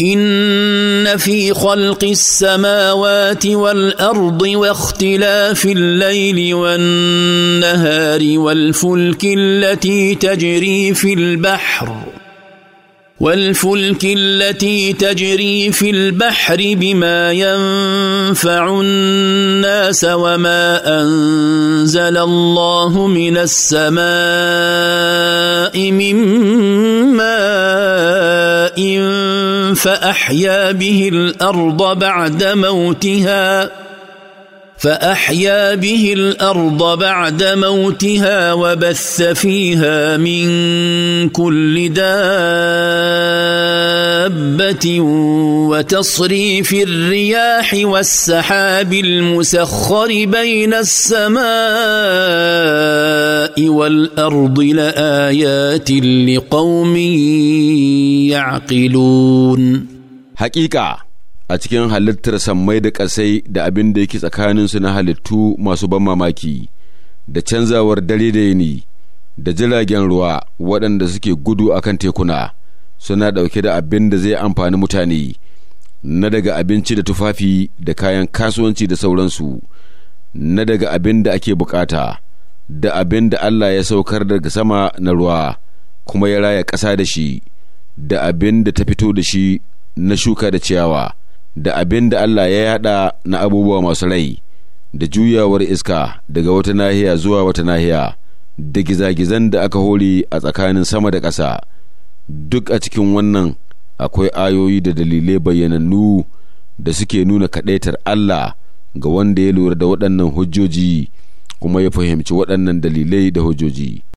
ان في خلق السماوات والارض واختلاف الليل والنهار والفلك التي تجري في البحر والفلك التي تجري في البحر بما ينفع الناس وما انزل الله من السماء من ماء فأحيا به الأرض بعد موتها فأحيا به الأرض بعد موتها وبث فيها من كل دار دابه وتصريف الرياح والسحاب المسخر بين السماء والارض لايات لقوم يعقلون حقيقه a cikin halittar sammai da ƙasai da abin da yake su na halittu masu ban mamaki da canzawar dare da yini da jiragen ruwa waɗanda suke gudu a kan tekuna suna ɗauke da abin da zai amfani mutane na daga abinci da tufafi da kayan kasuwanci da sauransu na daga abin da ake bukata da abin da Allah ya saukar daga sama na ruwa kuma ya raya ƙasa da shi da abin da ta fito da shi na shuka da ciyawa da abin da Allah ya yada na abubuwa masu rai da juyawar iska daga wata nahiya zuwa wata nahiya da gizagizan da aka hori a tsakanin sama da ƙasa. duk a cikin wannan akwai ayoyi da dalilai bayyanannu da suke nuna kaɗaitar Allah ga wanda ya lura da waɗannan hujjoji kuma ya fahimci waɗannan dalilai da hujjoji.